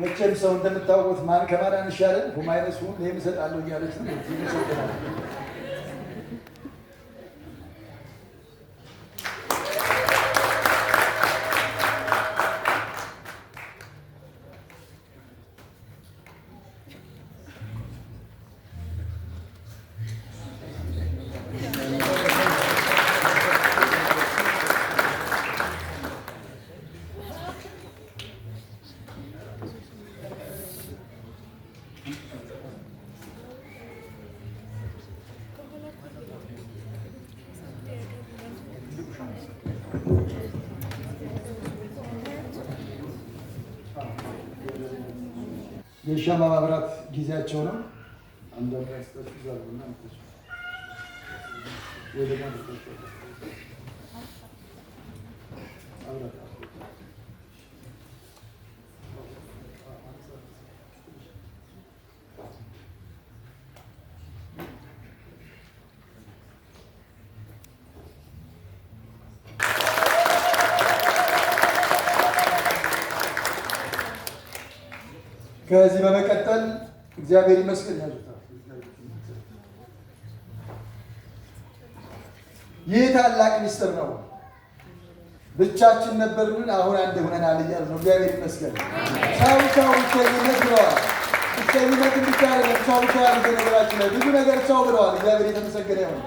መቼም ሰው እንደምታውቁት ማን ከማን አንሻለን ሁማይነስ ሁን ይህም እሰጣለሁ እያለች ነው። Yaşam avrat güzel çorum. Andan biraz da güzel bundan. Böyle ben de ከዚህ በመቀጠል እግዚአብሔር ይመስገን ያሉት ይህ ታላቅ ሚስጥር ነው። ብቻችን ነበርን፣ አሁን አንድ ሆነናል እያሉ ነው። እግዚአብሔር ይመስገን። ሰው ሰው ብቸኝነት ብለዋል። ብቸኝነት ብቻ አይደለም፣ ሰው ብቻ ያሉ ነገራችን ላይ ብዙ ነገር ሰው ብለዋል። እግዚአብሔር የተመሰገነ ይሁን።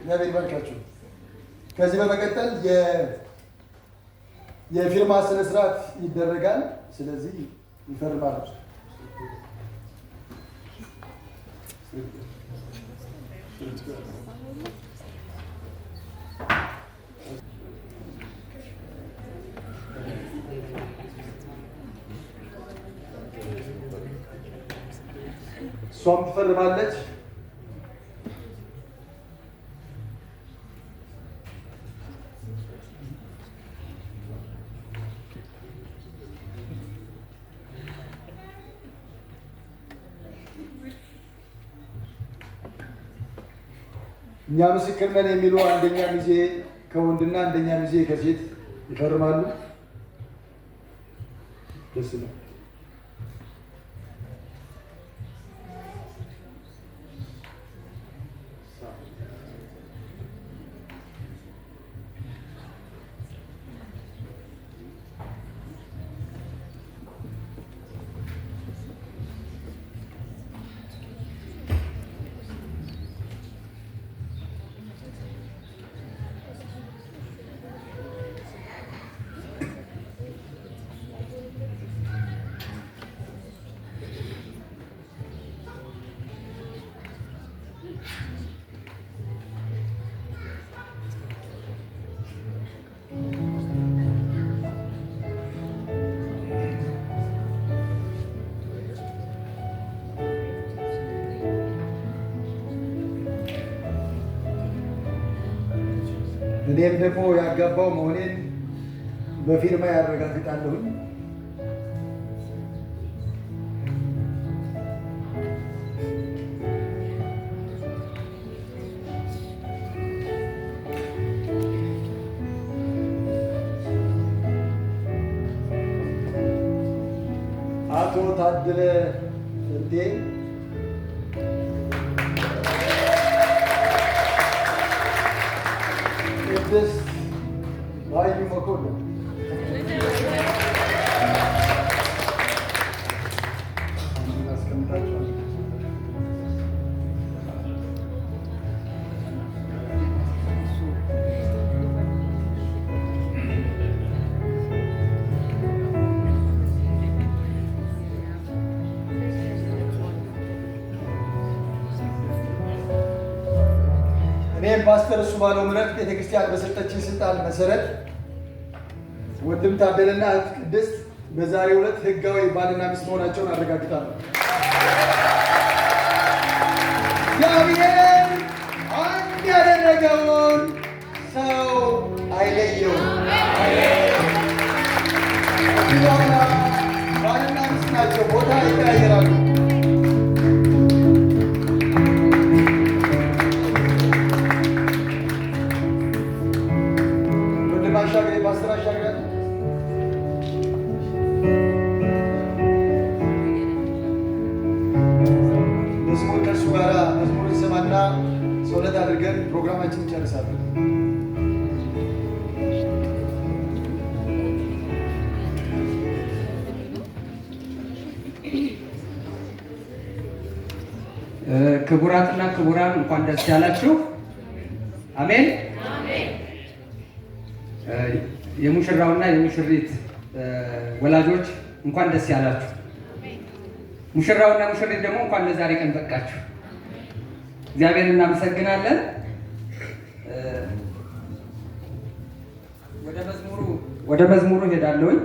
እግዚአብሔር ይባርካችሁ። ከዚህ በመቀጠል የፊርማ ስነስርዓት ይደረጋል። ስለዚህ ይፈርማሉ። صنف الرملت እኛ ምስክር ነን የሚሉ አንደኛ ሚዜ ከወንድና አንደኛ ሚዜ ከሴት ይፈርማሉ። ደስ ነው። እኔም ደግሞ ያጋባው መሆኔን በፊርማ ያረጋግጣለሁኝ። አቶ ታደለ እንዴ Mercedes Daimi Makorya. እኔም ፓስተር እሱ ባለው ምረት ቤተክርስቲያን በሰጠችን ስልጣን መሰረት ወንድም ታደለና እህት ቅድስት በዛሬው ዕለት ህጋዊ ባልና ሚስት መሆናቸውን አረጋግጣለሁ። እግዚአብሔር አንድ ያደረገውን ሰው አይለየው። ባልና ሚስት ናቸው፣ ቦታ ይታያል። መዝሙር ከእሱ ጋር መዝሙር ሰማና ሰውነት አድርገን ፕሮግራማችን እንጨርሳለን። ክቡራትና ክቡራን እንኳን ደስ ያላችሁ። አሜን። የሙሽራውና የሙሽሪት ወላጆች እንኳን ደስ ያላችሁ። ሙሽራውና ሙሽሪት ደግሞ እንኳን ለዛሬ ቀን በቃችሁ። እግዚአብሔር እናመሰግናለን። ወደ መዝሙሩ ሄዳለሁኝ።